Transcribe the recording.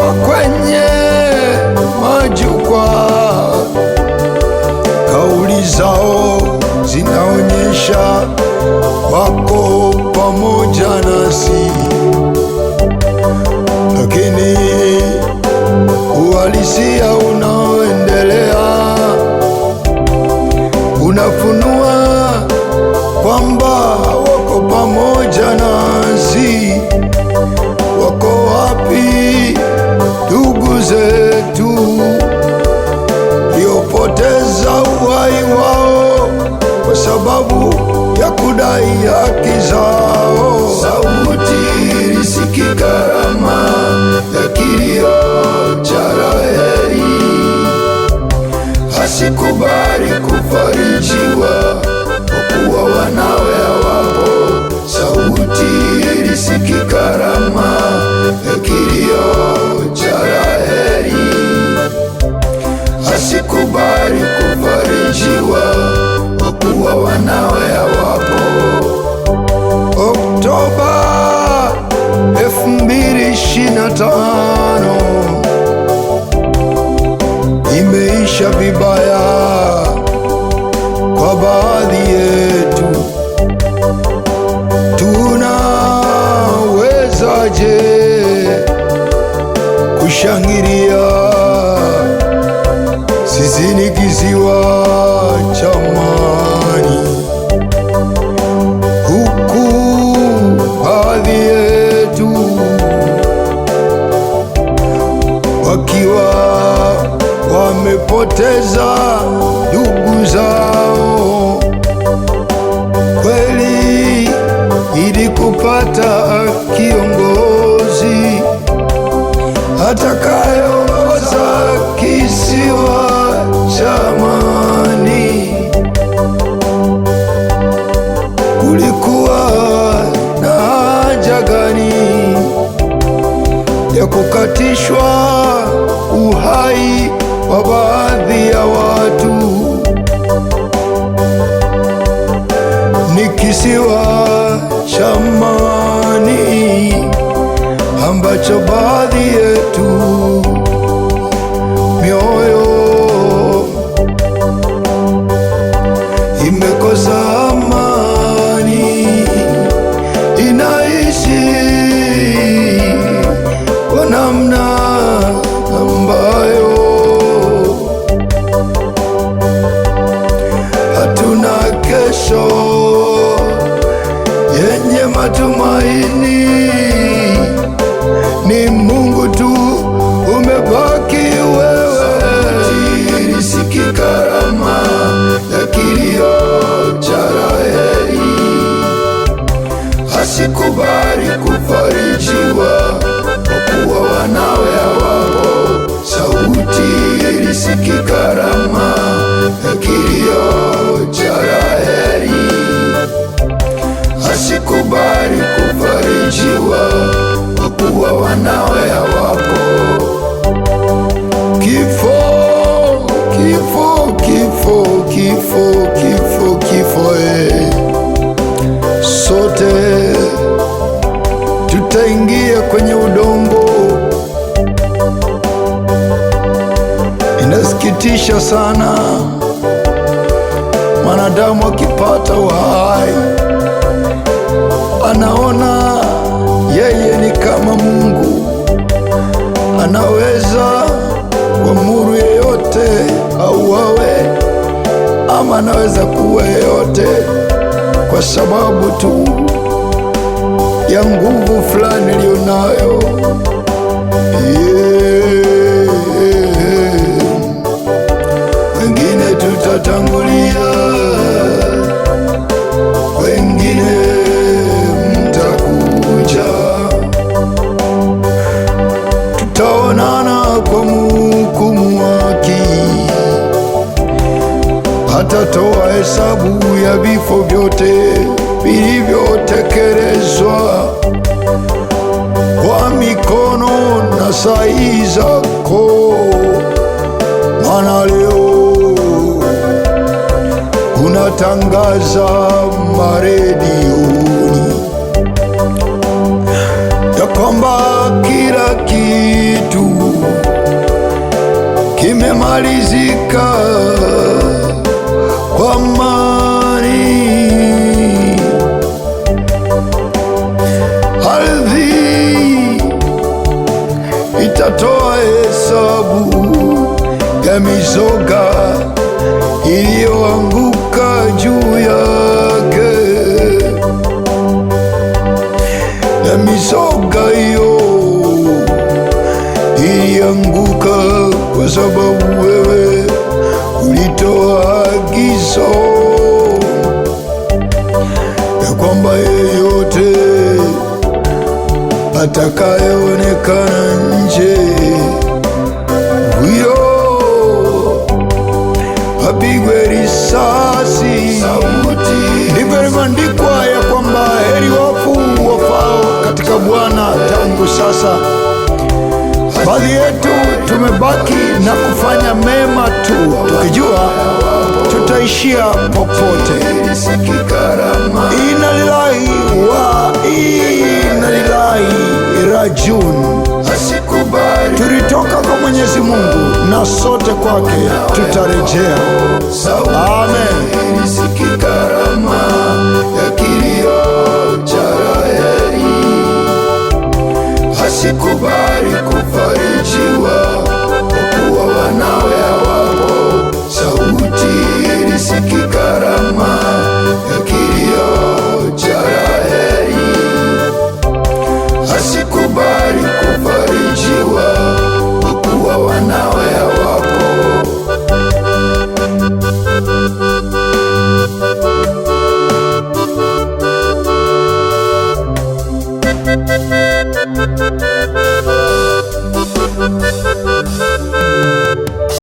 wako kwenye majukwaa, kauli zao zinaonyesha wako pamoja. haki zao. Sauti ilisikika kama ya kilio cha Raheli, asikubali kufarijiwa Kaskazini kisiwa cha amani, huku baadhi yetu wakiwa wamepoteza kukatishwa uhai wa baadhi ya watu ni kisiwa cha amani ambacho baadhi yetu mioyo tumaini ni Mungu tu, umebaki wewe. Sauti ilisikika Rama ya kilio cha Raheli, asikubali kufarijiwa mwanawe awapo. Kifo, kifo, kifo, kifo, kifo, kifo eh. Sote tutaingia kwenye udongo. Inasikitisha sana mwanadamu akipata uhai anaona yeye ni kama Mungu, anaweza kuamuru yeyote auawe, ama anaweza kuwa yeyote kwa sababu tu ya nguvu fulani aliyonayo. Yeah. tutatoa hesabu ya vifo vyote vilivyotekelezwa kwa mikono na sahihi zako, maana leo unatangaza maredioni ya kwamba kila kitu kimemalizika. nitatoa hesabu ya mizoga iliyoanguka juu yake, na mizoga hiyo ilianguka kwa sababu wewe ulitoa agizo ya kwamba yeyote atakayeonekana katika Bwana tangu sasa. Baadhi yetu tumebaki na kufanya mema tu, tukijua tutaishia popote. Inna lillahi wa inna ilaihi rajiun. Tulitoka kwa Mwenyezi Mungu na sote kwake tutarejea. Amen.